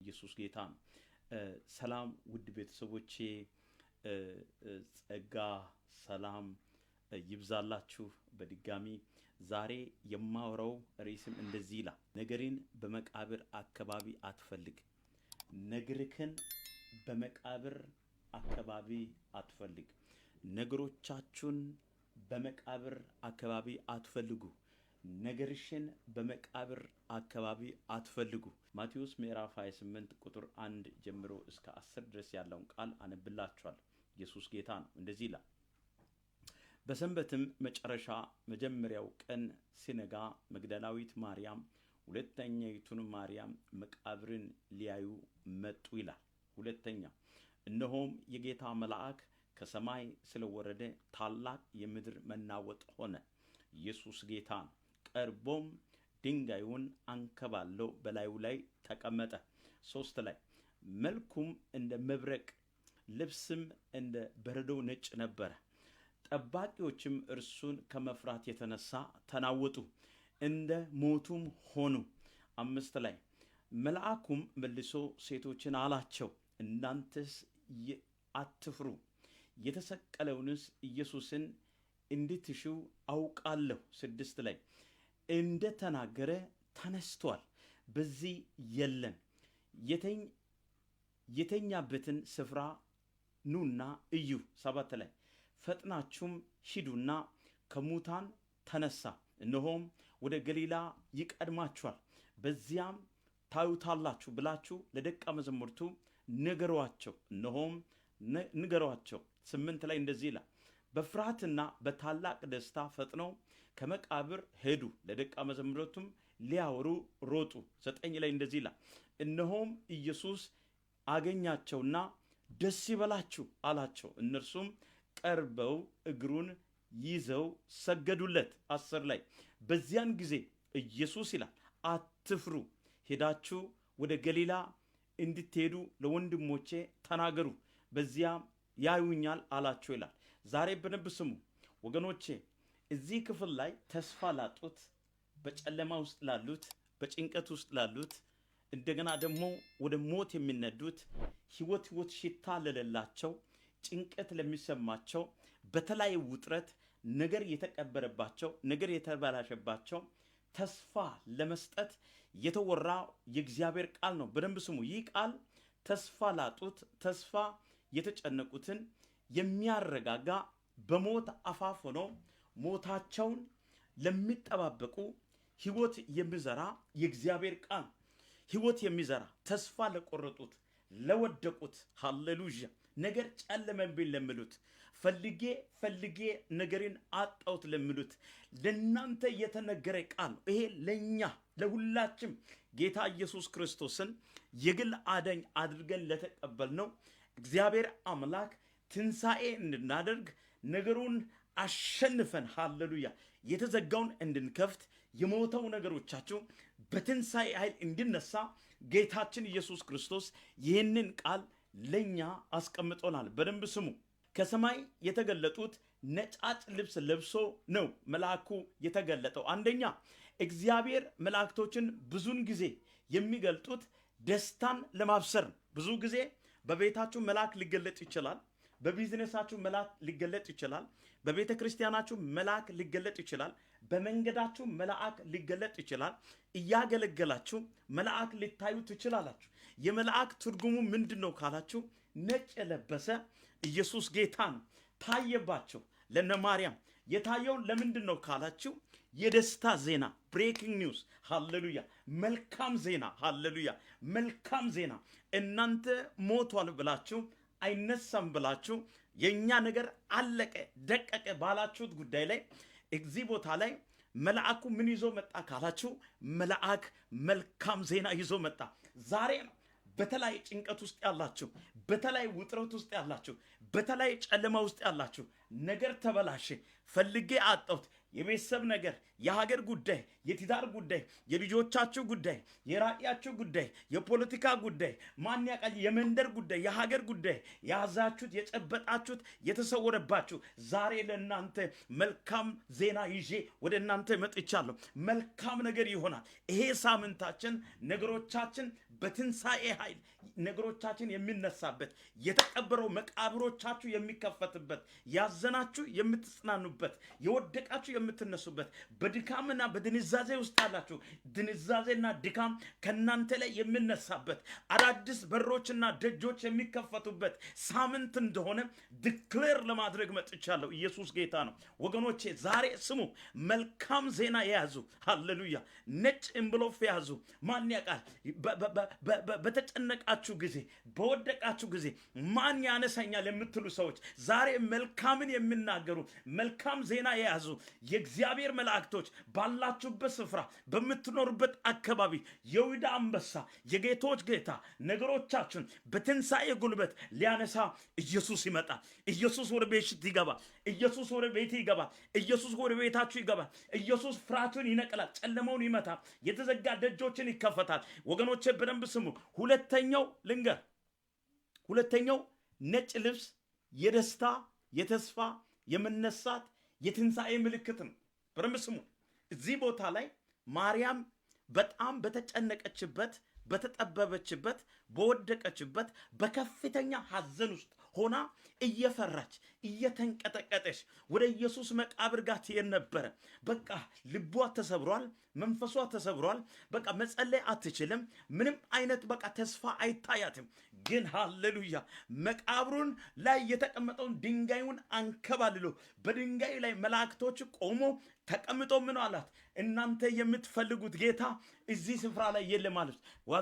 ኢየሱስ ጌታ ነው። ሰላም ውድ ቤተሰቦቼ፣ ጸጋ ሰላም ይብዛላችሁ። በድጋሚ ዛሬ የማወራው ርዕስም እንደዚህ ይላል፣ ነገሬን በመቃብር አካባቢ አትፈልግ። ነግርክን በመቃብር አካባቢ አትፈልግ። ነገሮቻችሁን በመቃብር አካባቢ አትፈልጉ ነገርሽን በመቃብር አካባቢ አትፈልጉ። ማቴዎስ ምዕራፍ 28 ቁጥር 1 ጀምሮ እስከ 10 ድረስ ያለውን ቃል አነብላችኋለሁ። ኢየሱስ ጌታ ነው። እንደዚህ ይላል፣ በሰንበትም መጨረሻ መጀመሪያው ቀን ሲነጋ መግደላዊት ማርያም ሁለተኛይቱን ማርያም መቃብርን ሊያዩ መጡ ይላል። ሁለተኛ እነሆም የጌታ መልአክ ከሰማይ ስለወረደ ታላቅ የምድር መናወጥ ሆነ። ኢየሱስ ጌታ ነው። ቀርቦም ድንጋዩን አንከባለው በላዩ ላይ ተቀመጠ። ሶስት ላይ መልኩም እንደ መብረቅ ልብስም እንደ በረዶ ነጭ ነበረ። ጠባቂዎችም እርሱን ከመፍራት የተነሳ ተናወጡ፣ እንደ ሞቱም ሆኑ። አምስት ላይ መልአኩም መልሶ ሴቶችን አላቸው እናንተስ አትፍሩ የተሰቀለውንስ ኢየሱስን እንድትሽው አውቃለሁ ስድስት ላይ እንደተናገረ ተነስቷል፣ በዚህ የለም። የተኛበትን ስፍራ ኑና እዩ። ሰባት ላይ ፈጥናችሁም ሂዱና ከሙታን ተነሳ፣ እነሆም ወደ ገሊላ ይቀድማችኋል፣ በዚያም ታዩታላችሁ ብላችሁ ለደቀ መዛሙርቱ ንገሯቸው። እነሆም ንገሯቸው ስምንት ላይ እንደዚህ ይላል በፍርሃትና በታላቅ ደስታ ፈጥነው ከመቃብር ሄዱ፣ ለደቀ መዛሙርቱም ሊያወሩ ሮጡ። ዘጠኝ ላይ እንደዚህ ይላል እነሆም ኢየሱስ አገኛቸውና ደስ ይበላችሁ አላቸው። እነርሱም ቀርበው እግሩን ይዘው ሰገዱለት። አስር ላይ በዚያን ጊዜ ኢየሱስ ይላል አትፍሩ፣ ሄዳችሁ ወደ ገሊላ እንድትሄዱ ለወንድሞቼ ተናገሩ፣ በዚያም ያዩኛል አላቸው ይላል። ዛሬ በደንብ ስሙ ወገኖቼ፣ እዚህ ክፍል ላይ ተስፋ ላጡት፣ በጨለማ ውስጥ ላሉት፣ በጭንቀት ውስጥ ላሉት፣ እንደገና ደግሞ ወደ ሞት የሚነዱት ህይወት ህይወት ሽታ ለሌላቸው፣ ጭንቀት ለሚሰማቸው፣ በተለያየ ውጥረት ነገር የተቀበረባቸው፣ ነገር የተበላሸባቸው ተስፋ ለመስጠት የተወራ የእግዚአብሔር ቃል ነው። በደንብ ስሙ። ይህ ቃል ተስፋ ላጡት ተስፋ የተጨነቁትን የሚያረጋጋ በሞት አፋፍ ሆኖ ሞታቸውን ለሚጠባበቁ ህይወት የሚዘራ የእግዚአብሔር ቃል ህይወት የሚዘራ ተስፋ ለቆረጡት ለወደቁት፣ ሃሌሉያ ነገር ጨለመብኝ ለሚሉት ፈልጌ ፈልጌ ነገርን አጣሁት ለሚሉት ለእናንተ የተነገረ ቃል ነው። ይሄ ለእኛ ለሁላችም ጌታ ኢየሱስ ክርስቶስን የግል አዳኝ አድርገን ለተቀበል ነው። እግዚአብሔር አምላክ ትንሣኤ እንድናደርግ ነገሩን አሸንፈን ሃለሉያ የተዘጋውን እንድንከፍት የሞተው ነገሮቻችው በትንሣኤ ኃይል እንዲነሳ ጌታችን ኢየሱስ ክርስቶስ ይህንን ቃል ለእኛ አስቀምጦናል። በደንብ ስሙ። ከሰማይ የተገለጡት ነጫጭ ልብስ ለብሶ ነው መልአኩ የተገለጠው። አንደኛ እግዚአብሔር መላእክቶችን ብዙን ጊዜ የሚገልጡት ደስታን ለማብሰር ብዙ ጊዜ በቤታችሁ መልአክ ሊገለጥ ይችላል። በቢዝነሳችሁ መልአክ ሊገለጥ ይችላል። በቤተ ክርስቲያናችሁ መልአክ ሊገለጥ ይችላል። በመንገዳችሁ መልአክ ሊገለጥ ይችላል። እያገለገላችሁ መልአክ ሊታዩ ትችላላችሁ። የመልአክ ትርጉሙ ምንድን ነው ካላችሁ፣ ነጭ የለበሰ ኢየሱስ ጌታ ነው ታየባቸው ለነ ማርያም። የታየውን ለምንድን ነው ካላችሁ የደስታ ዜና ብሬኪንግ ኒውስ ሃሌሉያ! መልካም ዜና ሃሌሉያ! መልካም ዜና እናንተ ሞቷል ብላችሁ አይነሳም ብላችሁ የእኛ ነገር አለቀ ደቀቀ ባላችሁት ጉዳይ ላይ እዚህ ቦታ ላይ መልአኩ ምን ይዞ መጣ ካላችሁ መልአክ መልካም ዜና ይዞ መጣ ዛሬ ነው። በተለይ ጭንቀት ውስጥ ያላችሁ፣ በተለይ ውጥረት ውስጥ ያላችሁ፣ በተለይ ጨለማ ውስጥ ያላችሁ ነገር ተበላሸ ፈልጌ አጣሁት የቤተሰብ ነገር፣ የሀገር ጉዳይ፣ የትዳር ጉዳይ፣ የልጆቻችሁ ጉዳይ፣ የራእያችሁ ጉዳይ፣ የፖለቲካ ጉዳይ፣ ማን ያውቃል፣ የመንደር ጉዳይ፣ የሀገር ጉዳይ፣ የያዛችሁት፣ የጨበጣችሁት፣ የተሰወረባችሁ ዛሬ ለእናንተ መልካም ዜና ይዤ ወደ እናንተ መጥቻለሁ። መልካም ነገር ይሆናል። ይሄ ሳምንታችን ነገሮቻችን በትንሣኤ ኃይል ነገሮቻችን የሚነሳበት የተቀበረው መቃብሮቻችሁ የሚከፈትበት ያዘናችሁ የምትጽናኑበት የወደቃችሁ የምትነሱበት በድካምና በድንዛዜ ውስጥ አላችሁ ድንዛዜና ድካም ከእናንተ ላይ የሚነሳበት አዳዲስ በሮችና ደጆች የሚከፈቱበት ሳምንት እንደሆነ ድክሌር ለማድረግ መጥቻለሁ። ኢየሱስ ጌታ ነው። ወገኖቼ ዛሬ ስሙ፣ መልካም ዜና የያዙ ሃሌሉያ፣ ነጭ እንብሎፍ የያዙ ማን ያውቃል በተጨነቃችሁ ጊዜ በወደቃችሁ ጊዜ ማን ያነሳኛል የምትሉ ሰዎች ዛሬ መልካምን የሚናገሩ መልካም ዜና የያዙ የእግዚአብሔር መላእክቶች ባላችሁበት ስፍራ በምትኖሩበት አካባቢ የይሁዳ አንበሳ የጌቶች ጌታ ነገሮቻችሁን በትንሣኤ ጉልበት ሊያነሳ ኢየሱስ ይመጣል። ኢየሱስ ወደ ቤሽት ይገባ ኢየሱስ ወደ ቤት ይገባል። ኢየሱስ ወደ ቤታችሁ ይገባል። ኢየሱስ ፍርሃቱን ይነቅላል። ጨለማውን ይመታል። የተዘጋ ደጆችን ይከፈታል። ወገኖቼ በደንብ ስሙ። ሁለተኛው ልንገር፣ ሁለተኛው ነጭ ልብስ የደስታ የተስፋ የመነሳት የትንሣኤ ምልክት ነው። በደንብ ስሙ። እዚህ ቦታ ላይ ማርያም በጣም በተጨነቀችበት በተጠበበችበት በወደቀችበት በከፍተኛ ሐዘን ውስጥ ሆና እየፈራች እየተንቀጠቀጠች ወደ ኢየሱስ መቃብር ጋር ትሄድ ነበረ። በቃ ልቧ ተሰብሯል፣ መንፈሷ ተሰብሯል። በቃ መጸለይ አትችልም። ምንም አይነት በቃ ተስፋ አይታያትም። ግን ሃሌሉያ መቃብሩን ላይ የተቀመጠውን ድንጋዩን አንከባልሎ በድንጋዩ ላይ መላእክቶች ቆሞ ተቀምጦ ምን አላት? እናንተ የምትፈልጉት ጌታ እዚህ ስፍራ ላይ የለም አለች።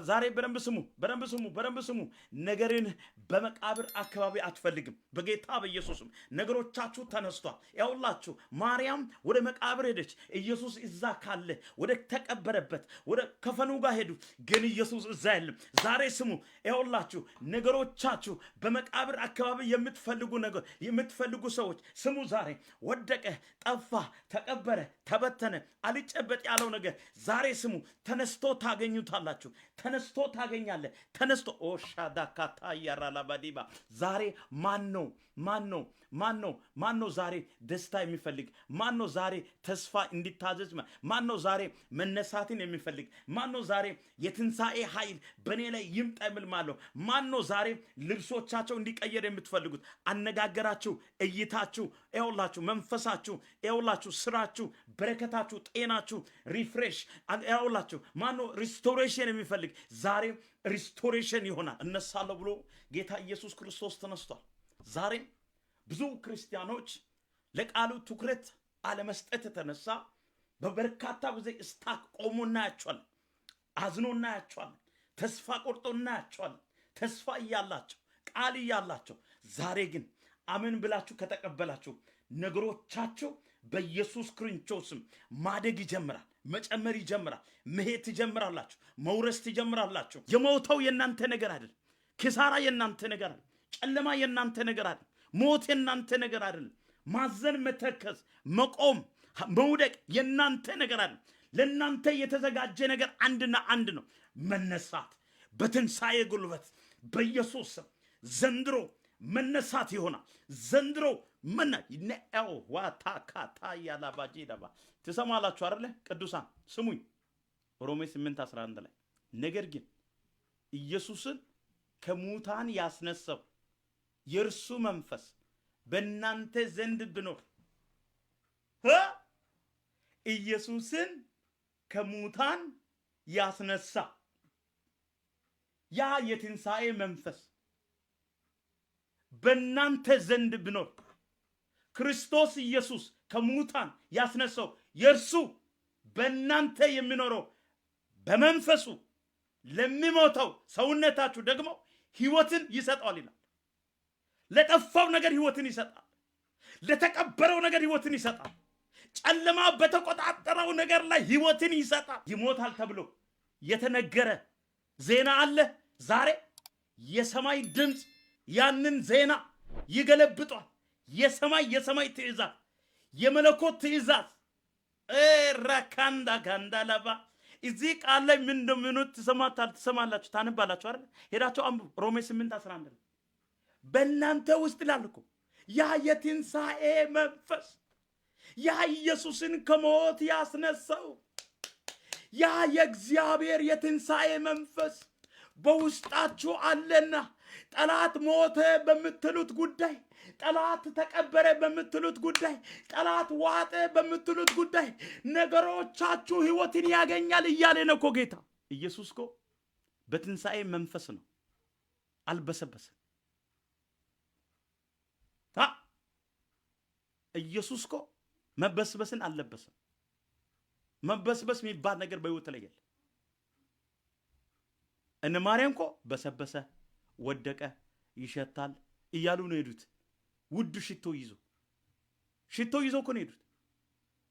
ዛሬ በደንብ ስሙ፣ በደንብ ስሙ፣ በደንብ ስሙ። ነገርን በመቃብር አካባቢ አትፈልግም። በጌታ በኢየሱስም ነገሮቻችሁ ተነስቷል። ያውላችሁ ማርያም ወደ መቃብር ሄደች። ኢየሱስ እዛ ካለ ወደ ተቀበረበት ወደ ከፈኑ ጋር ሄዱ፣ ግን ኢየሱስ እዛ የለም። ዛሬ ስሙ፣ ያውላችሁ ነገሮቻችሁ በመቃብር አካባቢ የምትፈልጉ ነገር የምትፈልጉ ሰዎች ስሙ፣ ዛሬ ወደቀ፣ ጠፋ፣ ተቀበረ፣ ተበተነ፣ አልጨበጥ ያለው ነገር ዛሬ ስሙ፣ ተነስቶ ታገኙታላችሁ። ተነስቶ ታገኛለ። ተነስቶ ኦሻዳካታ እያራላባዲባ ዛሬ ማን ነው ማን ነው ማን ነው ማን ነው ዛሬ ደስታ የሚፈልግ ማን ነው ዛሬ ተስፋ እንዲታዘዝ ማን ነው ዛሬ መነሳትን የሚፈልግ ማን ነው ዛሬ የትንሣኤ ኃይል በእኔ ላይ ይምጣ ማለው ማን ነው ዛሬ ልብሶቻቸው እንዲቀየር የምትፈልጉት አነጋገራችሁ እይታችሁ ያውላችሁ መንፈሳችሁ ያውላችሁ ስራችሁ በረከታችሁ ጤናችሁ ሪፍሬሽ ያውላችሁ ማን ነው ሪስቶሬሽን የሚፈልግ ዛሬ ሪስቶሬሽን ይሆናል እነሳለሁ ብሎ ጌታ ኢየሱስ ክርስቶስ ተነስቷል ዛሬም ብዙ ክርስቲያኖች ለቃሉ ትኩረት አለመስጠት የተነሳ በበርካታ ጊዜ ስታክ ቆሞ እናያቸዋል፣ አዝኖ እናያቸዋል፣ ተስፋ ቆርጦ እናያቸዋል። ተስፋ እያላቸው ቃል እያላቸው ዛሬ ግን አምን ብላችሁ ከተቀበላችሁ ነገሮቻችሁ በኢየሱስ ክርስቶስም ማደግ ይጀምራል፣ መጨመር ይጀምራል፣ መሄድ ትጀምራላችሁ፣ መውረስ ትጀምራላችሁ። የሞተው የእናንተ ነገር አይደል፣ ኪሳራ የእናንተ ነገር አይደል። ጨለማ የእናንተ ነገር አይደል። ሞት የእናንተ ነገር አይደል። ማዘን፣ መተከስ፣ መቆም፣ መውደቅ የእናንተ ነገር አይደል። ለእናንተ የተዘጋጀ ነገር አንድና አንድ ነው፣ መነሳት በትንሣኤ ጉልበት በኢየሱስ ስም ዘንድሮ መነሳት ይሆናል። ዘንድሮ መና ዋታ ካታ ያላባጂ ደባ ትሰማላችሁ አይደለ? ቅዱሳን ስሙኝ። ሮሜ 8 11 ላይ ነገር ግን ኢየሱስን ከሙታን ያስነሳው የእርሱ መንፈስ በእናንተ ዘንድ ብኖር ኢየሱስን ከሙታን ያስነሳ ያ የትንሣኤ መንፈስ በእናንተ ዘንድ ብኖር ክርስቶስ ኢየሱስ ከሙታን ያስነሳው የእርሱ በእናንተ የሚኖረው በመንፈሱ ለሚሞተው ሰውነታችሁ ደግሞ ሕይወትን ይሰጠዋል ይላል። ለጠፋው ነገር ህይወትን ይሰጣል። ለተቀበረው ነገር ህይወትን ይሰጣል። ጨለማ በተቆጣጠረው ነገር ላይ ህይወትን ይሰጣል። ይሞታል ተብሎ የተነገረ ዜና አለ። ዛሬ የሰማይ ድምፅ ያንን ዜና ይገለብጧል። የሰማይ የሰማይ ትእዛዝ፣ የመለኮት ትእዛዝ ራካንዳ ጋንዳ ለባ እዚህ ቃል ላይ ምን እንደሚሆኑ ትሰማላችሁ፣ ታነባላችሁ አይደል? ሄዳችሁ አንብቡ። ሮሜ ስምንት አስራ አንድ በእናንተ ውስጥ ላልኩ ያ የትንሣኤ መንፈስ ያ ኢየሱስን ከሞት ያስነሳው ያ የእግዚአብሔር የትንሣኤ መንፈስ በውስጣችሁ አለና ጠላት ሞተ በምትሉት ጉዳይ፣ ጠላት ተቀበረ በምትሉት ጉዳይ፣ ጠላት ዋጠ በምትሉት ጉዳይ ነገሮቻችሁ ህይወትን ያገኛል እያለ ነው እኮ ጌታ ኢየሱስ እኮ በትንሣኤ መንፈስ ነው። አልበሰበሰ ኢየሱስ እኮ መበስበስን አልለበሰም። መበስበስ የሚባል ነገር በህይወት ላይ የለ። እነ ማርያም እኮ በሰበሰ፣ ወደቀ፣ ይሸታል እያሉ ነው ሄዱት። ውዱ ሽቶ ይዞ ሽቶ ይዞ እኮ ነው ሄዱት።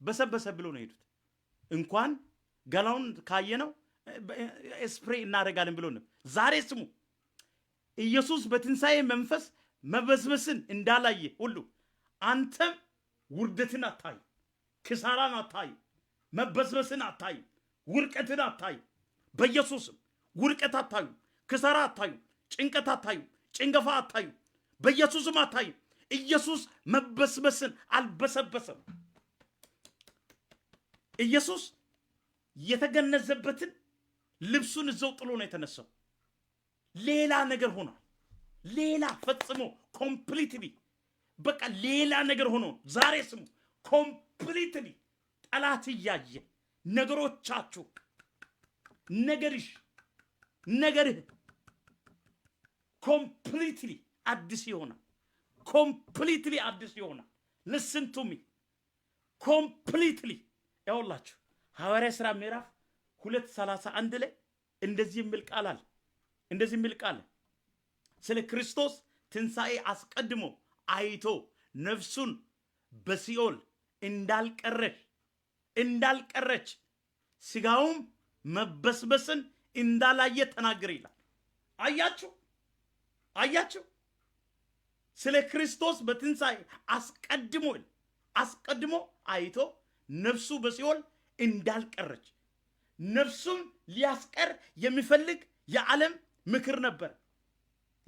በሰበሰ ብሎ ነው ሄዱት። እንኳን ገላውን ካየ ነው ስፕሬ እናደርጋለን ብሎ ነው። ዛሬ ስሙ ኢየሱስ በትንሣኤ መንፈስ መበስበስን እንዳላየ ሁሉ አንተም ውርደትን አታይ፣ ክሳራን አታይ፣ መበስበስን አታይ፣ ውርቀትን አታይ። በኢየሱስም ውርቀት አታዩ፣ ክሳራ አታዩ፣ ጭንቀት አታዩ፣ ጭንገፋ አታዩ፣ በኢየሱስም አታዩ። ኢየሱስ መበስበስን አልበሰበሰም። ኢየሱስ የተገነዘበትን ልብሱን እዘው ጥሎ ነው የተነሳው። ሌላ ነገር ሆኗል። ሌላ ፈጽሞ ኮምፕሊትሊ በቃ ሌላ ነገር ሆኖ ዛሬ ስሙ ኮምፕሊትሊ ጠላት እያየ ነገሮቻችሁ፣ ነገርሽ፣ ነገርህ ኮምፕሊትሊ አዲስ ይሆናል። ኮምፕሊትሊ አዲስ ይሆናል። ልስን ቱሚ ኮምፕሊትሊ ያውላችሁ ሐዋርያ ሥራ ምዕራፍ ሁለት ሰላሳ አንድ ላይ እንደዚህ የሚል ቃል አለ። እንደዚህ የሚል ቃል ስለ ክርስቶስ ትንሣኤ አስቀድሞ አይቶ ነፍሱን በሲኦል እንዳልቀረች እንዳልቀረች ስጋውም መበስበስን እንዳላየ ተናገር ይላል። አያችሁ አያችሁ፣ ስለ ክርስቶስ በትንሣኤ አስቀድሞ አስቀድሞ አይቶ ነፍሱ በሲኦል እንዳልቀረች ነፍሱም ሊያስቀር የሚፈልግ የዓለም ምክር ነበር።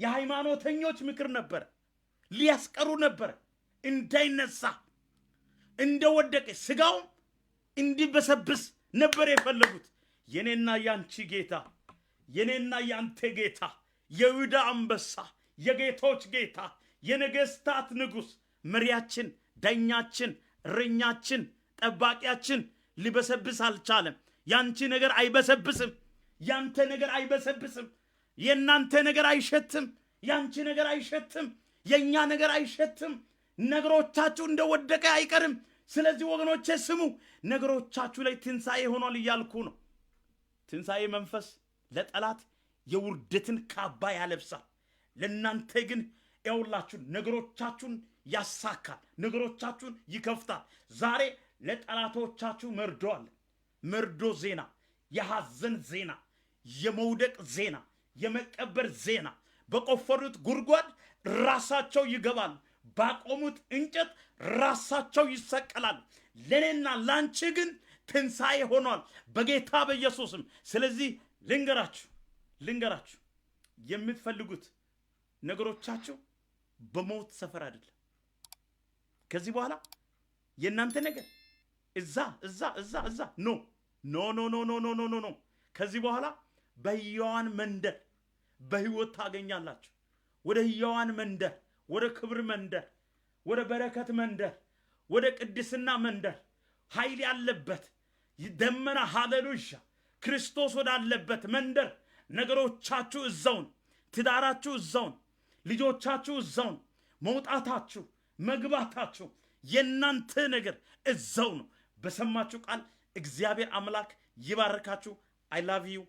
የሃይማኖተኞች ምክር ነበር። ሊያስቀሩ ነበር እንዳይነሳ እንደወደቀ ስጋውም እንዲበሰብስ ነበር የፈለጉት። የኔና ያንቺ ጌታ የኔና ያንተ ጌታ የይሁዳ አንበሳ የጌቶች ጌታ የነገስታት ንጉሥ መሪያችን፣ ዳኛችን፣ እረኛችን፣ ጠባቂያችን ሊበሰብስ አልቻለም። ያንቺ ነገር አይበሰብስም። ያንተ ነገር አይበሰብስም። የእናንተ ነገር አይሸትም፣ ያንቺ ነገር አይሸትም፣ የእኛ ነገር አይሸትም። ነገሮቻችሁ እንደወደቀ አይቀርም። ስለዚህ ወገኖቼ ስሙ፣ ነገሮቻችሁ ላይ ትንሣኤ ሆኗል እያልኩ ነው። ትንሣኤ መንፈስ ለጠላት የውርደትን ካባ ያለብሳል። ለእናንተ ግን ያውላችሁን ነገሮቻችሁን ያሳካል፣ ነገሮቻችሁን ይከፍታል። ዛሬ ለጠላቶቻችሁ መርዶ አለ። መርዶ ዜና፣ የሐዘን ዜና፣ የመውደቅ ዜና የመቀበር ዜና በቆፈሩት ጉድጓድ ራሳቸው ይገባል ባቆሙት እንጨት ራሳቸው ይሰቀላል። ለእኔና ላንቺ ግን ትንሣኤ ሆኗል በጌታ በኢየሱስም። ስለዚህ ልንገራችሁ ልንገራችሁ የምትፈልጉት ነገሮቻችሁ በሞት ሰፈር አይደለም። ከዚህ በኋላ የእናንተ ነገር እዛ እዛ እዛ እዛ ኖ ኖ ኖ ኖ ኖ ኖ ኖ ከዚህ በኋላ በሕያዋን መንደር በሕይወት ታገኛላችሁ። ወደ ሕያዋን መንደር፣ ወደ ክብር መንደር፣ ወደ በረከት መንደር፣ ወደ ቅድስና መንደር ኃይል ያለበት ደመና ሃሌሉያ ክርስቶስ ወዳለበት መንደር ነገሮቻችሁ እዛውን፣ ትዳራችሁ እዛውን፣ ልጆቻችሁ እዛውን፣ መውጣታችሁ መግባታችሁ የእናንተ ነገር እዛው ነው። በሰማችሁ ቃል እግዚአብሔር አምላክ ይባርካችሁ። አይ ላቭ ዩ